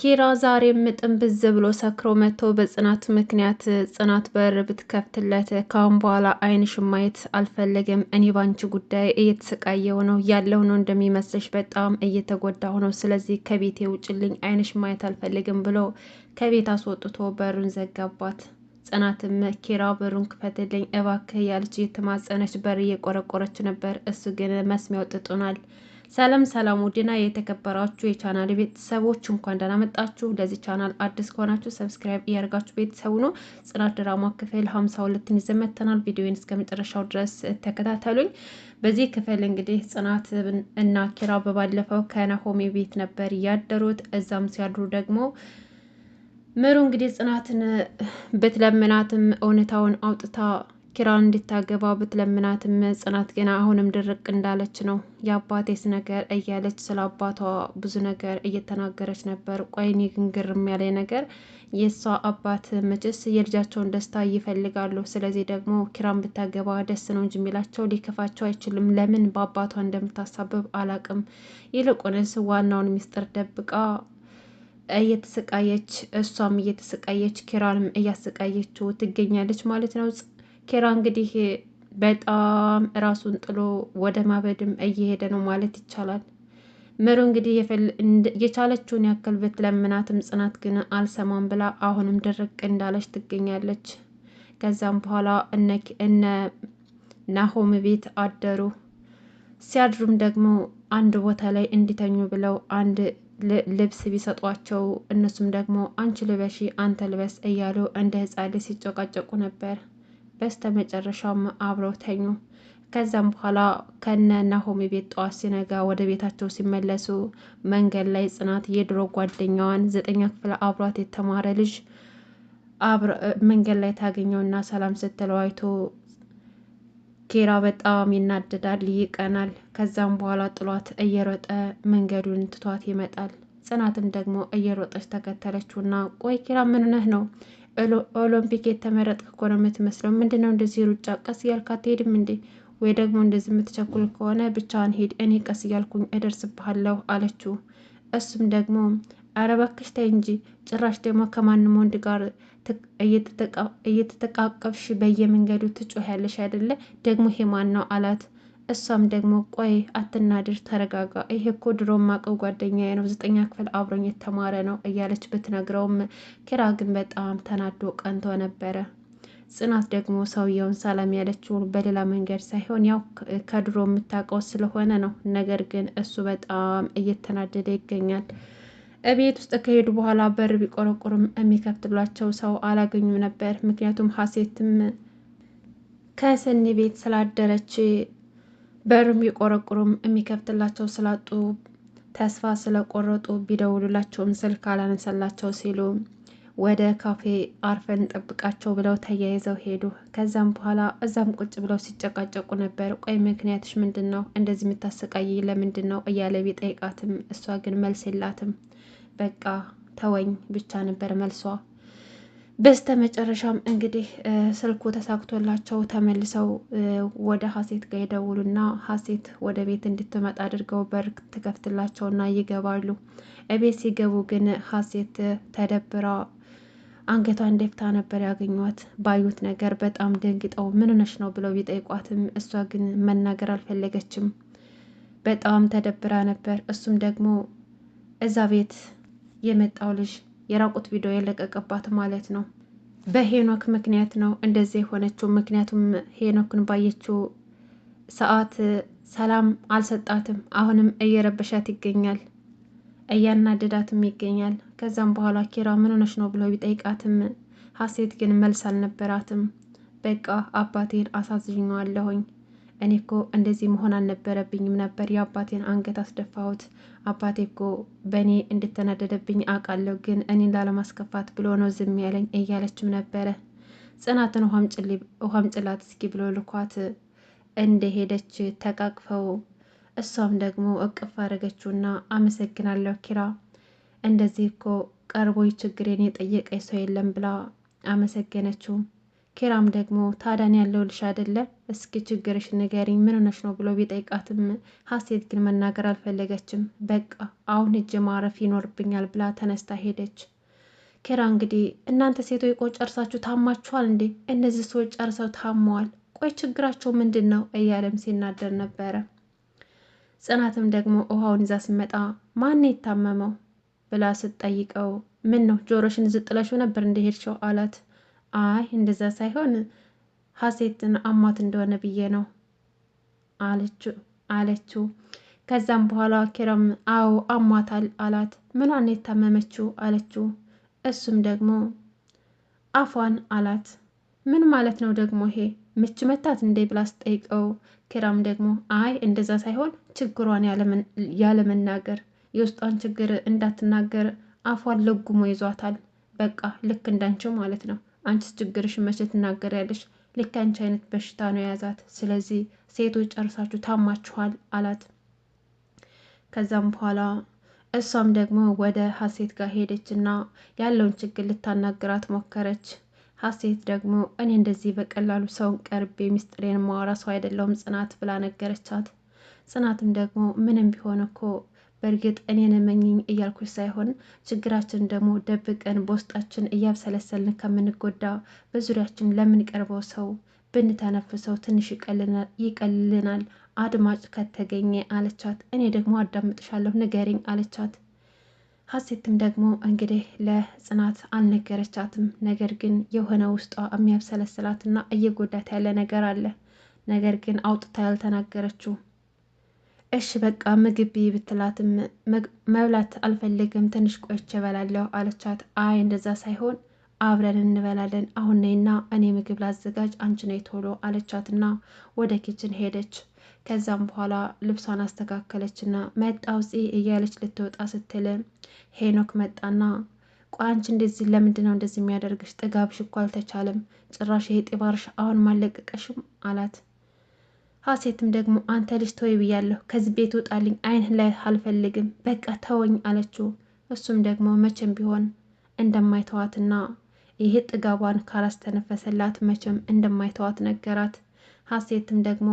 ኪራ ዛሬም ጥንብዝ ብሎ ሰክሮ መጥቶ በጽናት ምክንያት ጽናት በር ብትከፍትለት ካሁን በኋላ አይንሽ ማየት አልፈለግም፣ እኔ ባንቺ ጉዳይ እየተሰቃየው ነው ያለው ነው እንደሚመስልሽ፣ በጣም እየተጎዳሁ ነው። ስለዚህ ከቤቴ ውጭልኝ፣ ዓይንሽን ማየት አልፈልግም ብሎ ከቤት አስወጥቶ በሩን ዘጋባት። ጽናትም ኪራ በሩን ክፈትልኝ እባክህ እያለች እየተማጸነች በር እየቆረቆረች ነበር። እሱ ግን መስሚያው ጥጡናል ሰላም ሰላም ውድና የተከበራችሁ የቻናል ቤተሰቦች እንኳን ደህና መጣችሁ። ለዚህ ቻናል አዲስ ከሆናችሁ ሰብስክራይብ እያደርጋችሁ ቤተሰቡ ነው። ጽናት ድራማ ክፍል 52ን ይዘን መጥተናል። እስከ መጨረሻው ድረስ ተከታተሉኝ። በዚህ ክፍል እንግዲህ ጽናት እና ኪራ በባለፈው ከናሆሜ ቤት ነበር ያደሩት። እዛም ሲያድሩ ደግሞ ምሩ እንግዲህ ጽናትን ብትለምናትም እውነታውን አውጥታ ኪራን እንድታገባ ብትለምናትም ጽናት ገና አሁንም ድርቅ እንዳለች ነው። የአባቴስ ነገር እያለች ስለ አባቷ ብዙ ነገር እየተናገረች ነበር። ቆይኒ ግን ግርም ያለ ነገር የእሷ አባት መቼስ የልጃቸውን ደስታ ይፈልጋሉ። ስለዚህ ደግሞ ኪራን ብታገባ ደስ ነው እንጂ የሚላቸው ሊከፋቸው አይችልም። ለምን በአባቷ እንደምታሳብብ አላቅም። ይልቁንስ ዋናውን ሚስጥር ደብቃ እየተሰቃየች እሷም እየተሰቃየች ኪራንም እያሰቃየችው ትገኛለች ማለት ነው። ኬራ እንግዲህ በጣም እራሱን ጥሎ ወደ ማበድም እየሄደ ነው ማለት ይቻላል። ምሩ እንግዲህ የቻለችውን ያክል ብትለምናትም ጽናት ግን አልሰማም ብላ አሁንም ድርቅ እንዳለች ትገኛለች። ከዛም በኋላ እነ ናሆም ቤት አደሩ። ሲያድሩም ደግሞ አንድ ቦታ ላይ እንዲተኙ ብለው አንድ ልብስ ቢሰጧቸው እነሱም ደግሞ አንቺ ልበሺ አንተ ልበስ እያሉ እንደ ሕፃን ሲጨቃጨቁ ነበር። በስተመጨረሻም አብረው ተኙ። ከዛም በኋላ ከነ ናሆሚ ቤት ጠዋት ሲነጋ ወደ ቤታቸው ሲመለሱ መንገድ ላይ ጽናት የድሮ ጓደኛዋን ዘጠኛ ክፍል አብሯት የተማረ ልጅ መንገድ ላይ ታገኘውና ሰላም ስትለው አይቶ ኬራ በጣም ይናደዳል፣ ይቀናል። ከዛም በኋላ ጥሏት እየሮጠ መንገዱን ትቷት ይመጣል። ጽናትም ደግሞ እየሮጠች ተከተለችውና ቆይ ኬራ ምንነህ ነው ኦሎምፒክ የተመረጥክ እኮ ነው የምትመስለው። ምንድን ነው እንደዚህ ሩጫ? ቀስ እያልክ አትሄድም እንዴ? ወይ ደግሞ እንደዚህ የምትቸኩል ከሆነ ብቻዋን ሄድ፣ እኔ ቀስ እያልኩኝ እደርስብሃለሁ አለችው። እሱም ደግሞ አረ እባክሽ ተይ እንጂ ጭራሽ ደግሞ ከማንም ወንድ ጋር እየተጠቃቀፍሽ በየመንገዱ ትጮህ ያለሽ አይደለ? ደግሞ ሄማን ነው አላት። እሷም ደግሞ ቆይ አትናድር፣ ተረጋጋ፣ ይሄ እኮ ድሮ ማቀው ጓደኛ ነው ዘጠኛ ክፍል አብሮኝ የተማረ ነው እያለች ብትነግረውም ኪራ ግን በጣም ተናዶ ቀንቶ ነበረ። ጽናት ደግሞ ሰውየውን ሰላም ያለችው በሌላ መንገድ ሳይሆን ያው ከድሮ የምታውቀው ስለሆነ ነው። ነገር ግን እሱ በጣም እየተናደደ ይገኛል። እቤት ውስጥ ከሄዱ በኋላ በር ቢቆረቁርም የሚከፍትላቸው ሰው አላገኙም ነበር። ምክንያቱም ሀሴትም ከሰኒ ቤት ስላደረች በር ቢቆረቁሩም የሚከፍትላቸው ስላጡ ተስፋ ስለቆረጡ ቢደውሉላቸውም ስልክ አላነሰላቸው ሲሉ ወደ ካፌ አርፈን ጠብቃቸው ብለው ተያይዘው ሄዱ። ከዛም በኋላ እዛም ቁጭ ብለው ሲጨቃጨቁ ነበር። ቆይ ምክንያትሽ ምንድን ነው? እንደዚህ የምታሰቃይ ለምንድን ነው እያለ ቢጠይቃትም እሷ ግን መልስ የላትም። በቃ ተወኝ ብቻ ነበር መልሷ። በስተ መጨረሻም እንግዲህ ስልኩ ተሳክቶላቸው ተመልሰው ወደ ሀሴት ጋር ይደውሉና ሀሴት ወደ ቤት እንድትመጣ አድርገው በር ትከፍትላቸውና ይገባሉ። እቤት ሲገቡ ግን ሀሴት ተደብራ አንገቷ እንደፍታ ነበር ያገኟት። ባዩት ነገር በጣም ደንግጠው ምን ሆነሽ ነው ብለው ቢጠይቋትም እሷ ግን መናገር አልፈለገችም። በጣም ተደብራ ነበር። እሱም ደግሞ እዛ ቤት የመጣው ልጅ የራቁት ቪዲዮ የለቀቀባት ማለት ነው። በሄኖክ ምክንያት ነው እንደዚህ የሆነችው። ምክንያቱም ሄኖክን ባየችው ሰዓት ሰላም አልሰጣትም። አሁንም እየረበሻት ይገኛል፣ እያናደዳትም ይገኛል። ከዛም በኋላ ኪራ ምን ነው ብሎ ቢጠይቃትም ሀሴት ግን መልስ አልነበራትም። በቃ አባቴን አሳዝኛዋለሁኝ እኔ እኮ እንደዚህ መሆን አልነበረብኝም ነበር የአባቴን አንገት አስደፋሁት። አባቴ እኮ በእኔ እንድተናደደብኝ አውቃለሁ፣ ግን እኔን ላለማስከፋት ብሎ ነው ዝም ያለኝ እያለችም ነበረ። ጽናትን ውሃም ጭላት እስኪ ብሎ ልኳት እንደሄደች ተቃቅፈው እሷም ደግሞ እቅፍ አደረገችውና አመሰግናለሁ ኪራ፣ እንደዚህ እኮ ቀርቦ ችግሬን የጠየቀኝ ሰው የለም ብላ አመሰገነችው። ኪራም ደግሞ ታዳን ያለው ልሽ አይደለ እስኪ ችግርሽ ንገሪኝ ምን ሆነሽ ነው ብሎ ቢጠይቃትም ሀሴት ግን መናገር አልፈለገችም። በቃ አሁን እጅ ማረፍ ይኖርብኛል ብላ ተነስታ ሄደች። ኪራ እንግዲህ እናንተ ሴቶች ቆይ ጨርሳችሁ ታማችኋል እንዴ? እነዚህ ሰዎች ጨርሰው ታመዋል። ቆይ ችግራቸው ምንድን ነው? እያለም ሲናደር ነበረ። ጽናትም ደግሞ ውሃውን ይዛ ስመጣ ማን የታመመው ብላ ስትጠይቀው ምን ነው ጆሮሽን ዝጥለሽው ነበር እንደሄድሽው አላት። አይ እንደዛ ሳይሆን ሀሴትን አሟት እንደሆነ ብዬ ነው አለችው አለችው። ከዛም በኋላ ኪራም አዎ አሟት አላት። ምኗን የታመመችው አለችው። እሱም ደግሞ አፏን አላት። ምን ማለት ነው ደግሞ ይሄ ምች መታት እንዴ ብላ ስጠይቀው ኪራም ደግሞ አይ እንደዛ ሳይሆን ችግሯን ያለመናገር የውስጧን ችግር እንዳትናገር አፏን ለጉሞ ይዟታል። በቃ ልክ እንዳንቸው ማለት ነው አንቺስ ችግርሽን መቼ ትናገሪያለሽ? ልክ አንቺ አይነት በሽታ ነው የያዛት። ስለዚህ ሴቶች ጨርሳችሁ ታማችኋል አላት። ከዛም በኋላ እሷም ደግሞ ወደ ሀሴት ጋር ሄደች እና ያለውን ችግር ልታናግራት ሞከረች። ሀሴት ደግሞ እኔ እንደዚህ በቀላሉ ሰውን ቀርቤ ሚስጥሬን ማወራ ሰው አይደለውም ጽናት ብላ ነገረቻት። ጽናትም ደግሞ ምንም ቢሆን እኮ በእርግጥ እኔ መኝኝ እያልኩች ሳይሆን ችግራችን ደግሞ ደብቀን በውስጣችን እያብሰለሰልን ከምንጎዳ በዙሪያችን ለምንቀርበው ሰው ብንተነፍሰው ትንሽ ይቀልልናል፣ አድማጭ ከተገኘ አለቻት። እኔ ደግሞ አዳምጥሻለሁ ንገሪኝ አለቻት። ሀሴትም ደግሞ እንግዲህ ለጽናት አልነገረቻትም። ነገር ግን የሆነ ውስጧ የሚያብሰለስላትና እየጎዳት ያለ ነገር አለ። ነገር ግን አውጥታ ያልተናገረችው እሺ በቃ ምግብ ብትላትም መብላት አልፈልግም ትንሽ ቆይቼ እበላለሁ አለቻት። አይ እንደዛ ሳይሆን አብረን እንበላለን አሁን ነይና እኔ ምግብ ላዘጋጅ አንቺ ነይ ቶሎ አለቻትና ወደ ኪችን ሄደች። ከዛም በኋላ ልብሷን አስተካከለችና መጣው ፅ እያለች ልትወጣ ስትል ሄኖክ መጣና ቋንች እንደዚህ ለምንድን ነው እንደዚህ የሚያደርግሽ? ጥጋብሽ እኮ አልተቻለም። ጭራሽ ይሄ ጢባርሽ አሁን ማለቀቀሽም አላት። ሀሴትም ደግሞ አንተ ልጅ ተወይ ብያለሁ፣ ከዚህ ቤት ውጣልኝ፣ አይንህ ላይ አልፈልግም፣ በቃ ተወኝ አለችው። እሱም ደግሞ መቼም ቢሆን እንደማይተዋትና ይሄ ጥጋቧን ካላስተነፈሰላት መቼም እንደማይተዋት ነገራት። ሀሴትም ደግሞ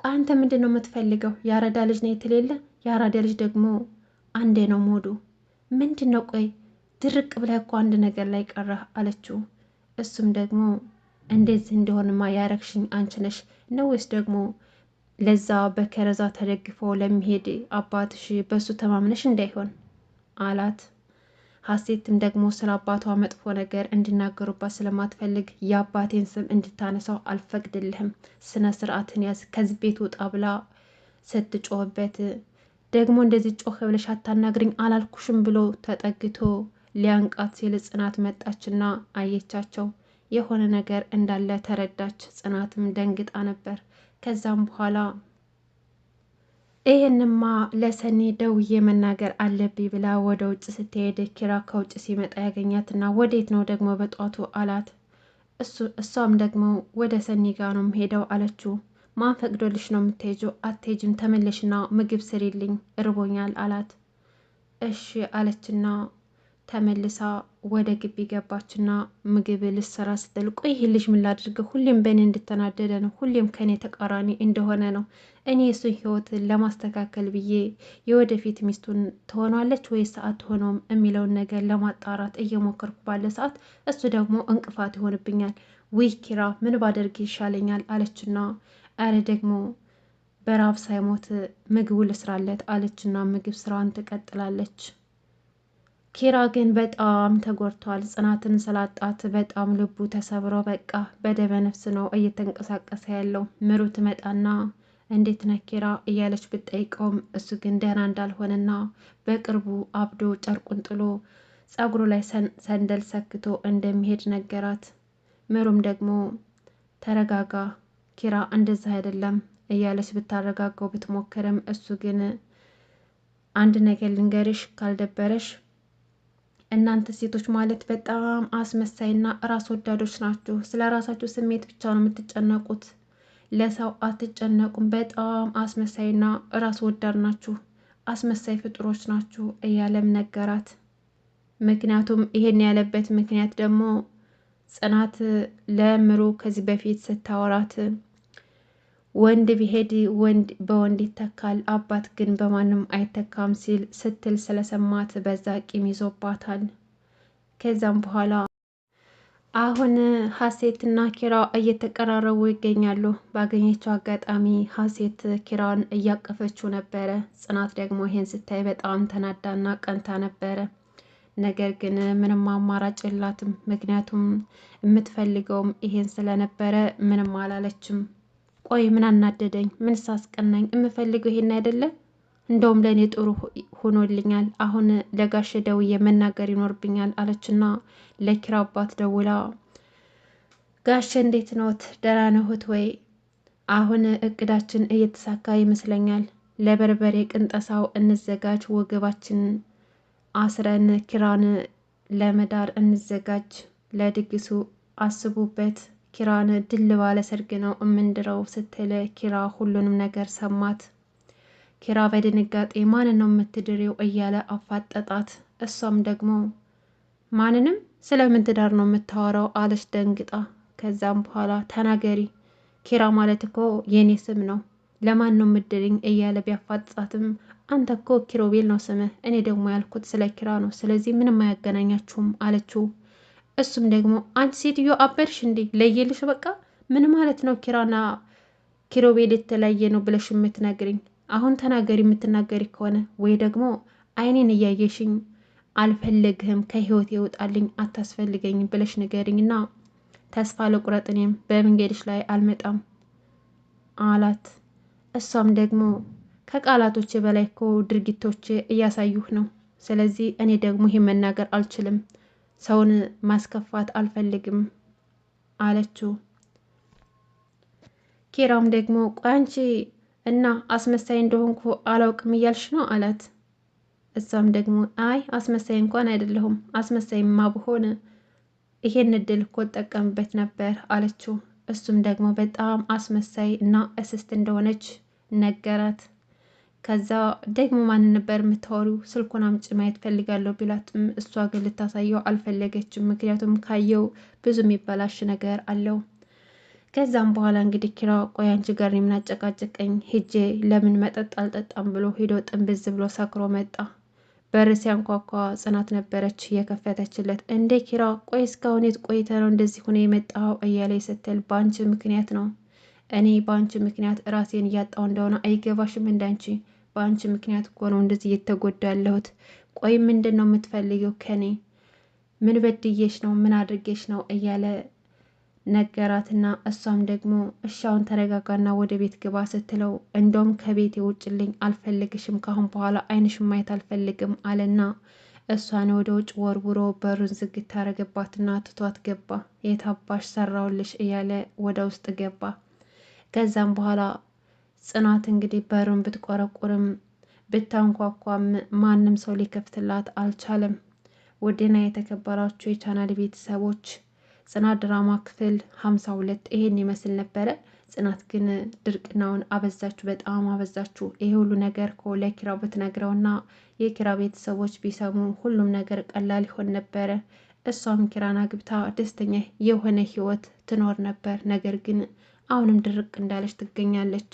ቆይ አንተ ምንድን ነው የምትፈልገው? የአራዳ ልጅ ነው የትሌለ የአራዳ ልጅ ደግሞ አንዴ ነው ሞዱ ምንድን ነው? ቆይ ድርቅ ብለህ እኮ አንድ ነገር ላይ ቀረህ አለችው። እሱም ደግሞ እንደዚህ እንደሆንማ ያረግሽኝ አንቺ ነሽ ነው ወይስ ደግሞ ለዛ በከረዛ ተደግፎ ለሚሄድ አባትሽ በሱ ተማምነሽ እንዳይሆን አላት። ሀሴትም ደግሞ ስለ አባቷ መጥፎ ነገር እንዲናገሩባት ስለማትፈልግ የአባቴን ስም እንድታነሳው አልፈቅድልህም፣ ስነ ስርዓትን ያዝ፣ ከዚህ ቤት ውጣ ብላ ስትጮህበት ደግሞ እንደዚህ ጮህ ብለሽ አታናግርኝ አላልኩሽም ብሎ ተጠግቶ ሊያንቃት ሲል ጽናት መጣችና አየቻቸው። የሆነ ነገር እንዳለ ተረዳች። ጽናትም ደንግጣ ነበር። ከዛም በኋላ ይህንማ ለሰኒ ደውዬ መናገር አለብኝ ብላ ወደ ውጭ ስትሄድ ኪራ ከውጭ ሲመጣ ያገኛትና ወዴት ነው ደግሞ በጧቱ አላት። እሷም ደግሞ ወደ ሰኒ ጋር ነው ሄደው አለችው። ማን ፈቅዶልሽ ነው የምትሄጂው? አትሄጂም፣ ተመለሽና ምግብ ስሪልኝ እርቦኛል አላት። እሺ አለችና ተመልሳ ወደ ግቢ ገባችና ምግብ ልሰራ ስትል ቆይ ይህ ልጅ ምን ላድርገው? ሁሌም በእኔ እንድተናደደ ነው። ሁሌም ከእኔ ተቃራኒ እንደሆነ ነው። እኔ የእሱን ህይወት ለማስተካከል ብዬ የወደፊት ሚስቱን ትሆናለች ወይ ወይስ ሆኖም የሚለውን ነገር ለማጣራት እየሞከርኩ ባለ ሰዓት እሱ ደግሞ እንቅፋት ይሆንብኛል። ውይ ኪራ ምን ባደርግ ይሻለኛል? አለችና አረ ደግሞ በራብ ሳይሞት ምግቡ ልስራለት አለችና ምግብ ስራዋን ትቀጥላለች። ኪራ ግን በጣም ተጎድቷል። ጽናትን ስላጣት በጣም ልቡ ተሰብሮ በቃ በደመ ነፍስ ነው እየተንቀሳቀሰ ያለው። ምሩ ትመጣና እንዴት ነህ ኪራ እያለች ብትጠይቀውም እሱ ግን ደህና እንዳልሆነና በቅርቡ አብዶ ጨርቁን ጥሎ ጸጉሩ ላይ ሰንደል ሰክቶ እንደሚሄድ ነገራት። ምሩም ደግሞ ተረጋጋ ኪራ እንደዛ አይደለም እያለች ብታረጋጋው ብትሞክርም እሱ ግን አንድ ነገር ልንገርሽ ካልደበረሽ እናንተ ሴቶች ማለት በጣም አስመሳይና ራስ ወዳዶች ናችሁ። ስለ ራሳችሁ ስሜት ብቻ ነው የምትጨነቁት፣ ለሰው አትጨነቁም። በጣም አስመሳይና ራስ ወዳድ ናችሁ፣ አስመሳይ ፍጡሮች ናችሁ እያለም ነገራት። ምክንያቱም ይሄን ያለበት ምክንያት ደግሞ ጽናት ለምሩ ከዚህ በፊት ስታወራት ወንድ ቢሄድ ወንድ በወንድ ይተካል፣ አባት ግን በማንም አይተካም ሲል ስትል ስለሰማት በዛ ቂም ይዞባታል። ከዛም በኋላ አሁን ሀሴትና ኪራ እየተቀራረቡ ይገኛሉ። ባገኘችው አጋጣሚ ሀሴት ኪራን እያቀፈችው ነበረ። ጽናት ደግሞ ይሄን ስታይ በጣም ተናዳና ቀንታ ነበረ። ነገር ግን ምንም አማራጭ የላትም፣ ምክንያቱም የምትፈልገውም ይሄን ስለነበረ ምንም አላለችም። ቆይ ምን አናደደኝ? ምን ሳስቀናኝ? የምፈልገው ይሄን አይደለም። እንደውም ለእኔ ጥሩ ሆኖልኛል። አሁን ለጋሽ ደውዬ መናገር ይኖርብኛል አለችና ለኪራ አባት ደውላ ጋሸ እንዴት ነዎት? ደህና ነዎት ወይ? አሁን እቅዳችን እየተሳካ ይመስለኛል። ለበርበሬ ቅንጠሳው እንዘጋጅ፣ ወገባችን አስረን ኪራን ለመዳር እንዘጋጅ። ለድግሱ አስቡበት ኪራን ድል ባለ ሰርግ ነው እምንድረው ስትል ኪራ ሁሉንም ነገር ሰማት። ኪራ በድንጋጤ ማንን ነው የምትድሬው እያለ አፋጠጣት። እሷም ደግሞ ማንንም ስለምን ትዳር ነው የምታወራው አለች ደንግጣ። ከዛም በኋላ ተናገሪ ኪራ ማለት እኮ የኔ ስም ነው ለማን ነው ምድልኝ እያለ ቢያፋጥጣትም አንተ እኮ ኪሮቤል ነው ስምህ፣ እኔ ደግሞ ያልኩት ስለ ኪራ ነው። ስለዚህ ምንም አያገናኛችሁም አለችው። እሱም ደግሞ አንቺ ሴትዮ አበድሽ እንዴ? ለየልሽ በቃ ምን ማለት ነው? ኪራና ኪሮቤል የተለያየ ነው ብለሽ የምትነግርኝ? አሁን ተናገሪ የምትናገሪ ከሆነ ወይ ደግሞ አይኔን እያየሽኝ አልፈለግህም፣ ከህይወት ይወጣልኝ፣ አታስፈልገኝም ብለሽ ንገሪኝ እና ተስፋ ለቁረጥኔም እኔም በመንገድሽ ላይ አልመጣም አላት። እሷም ደግሞ ከቃላቶች በላይ እኮ ድርጊቶች እያሳዩህ ነው። ስለዚህ እኔ ደግሞ ይህ መናገር አልችልም ሰውን ማስከፋት አልፈልግም አለችው። ኪራም ደግሞ ቆይ አንቺ እና አስመሳይ እንደሆንኩ አላውቅም እያልሽ ነው አላት። እሷም ደግሞ አይ አስመሳይ እንኳን አይደለሁም፣ አስመሳይማ ብሆን ይሄን እድል እኮ ጠቀምበት ነበር አለችው። እሱም ደግሞ በጣም አስመሳይ እና እስስት እንደሆነች ነገራት። ከዛ ደግሞ ማን ነበር የምታወሪው? ስልኩን አምጭ ማየት ፈልጋለሁ ቢላትም እሷ ግን ልታሳየው አልፈለገችም። ምክንያቱም ካየው ብዙ የሚበላሽ ነገር አለው። ከዛም በኋላ እንግዲህ ኪራ ቆይ አንቺ ጋር የምናጨቃጭቀኝ ሄጄ ለምን መጠጥ አልጠጣም ብሎ ሄዶ ጥንብዝ ብሎ ሰክሮ መጣ። በር ሲያንኳኳ ጽናት ነበረች እየከፈተችለት። እንዴ ኪራ ቆይ እስካሁን የት ቆይተ ነው እንደዚህ ሁኔ የመጣው? እያለ ስትል በአንቺ ምክንያት ነው እኔ በአንቺ ምክንያት ራሴን እያጣው እንደሆነ አይገባሽም። እንዳንቺ በአንቺ ምክንያት እኮ ነው እንደዚህ እየተጎዳ ያለሁት። ቆይ ምንድን ነው የምትፈልገው ከኔ? ምን በድዬሽ ነው? ምን አድርጌሽ ነው? እያለ ነገራትና እሷም ደግሞ እሻውን ተረጋጋና ወደ ቤት ግባ ስትለው እንደውም ከቤት ውጭልኝ፣ አልፈልግሽም፣ ካሁን በኋላ አይንሽ ማየት አልፈልግም አለና እሷን ወደ ውጭ ወርውሮ በሩን ዝግት ታረገባትና ትቷት ገባ። የታባሽ ሰራውልሽ እያለ ወደ ውስጥ ገባ። ከዛም በኋላ ጽናት እንግዲህ በሩን ብትቆረቁርም ብታንኳኳም ማንም ሰው ሊከፍትላት አልቻለም። ውድና የተከበራችሁ የቻናል ቤተሰቦች ጽናት ድራማ ክፍል ሁለት ይሄን ይመስል ነበረ። ጽናት ግን ድርቅናውን አበዛችሁ፣ በጣም አበዛችሁ። ይሄ ሁሉ ነገር ኮ ለኪራ ብትነግረውና የኪራ ቤተሰቦች ቢሰሙ ሁሉም ነገር ቀላል ይሆን ነበረ። እሷም ኪራን አግብታ ደስተኛ የሆነ ህይወት ትኖር ነበር። ነገር ግን አሁንም ድርቅ እንዳለች ትገኛለች።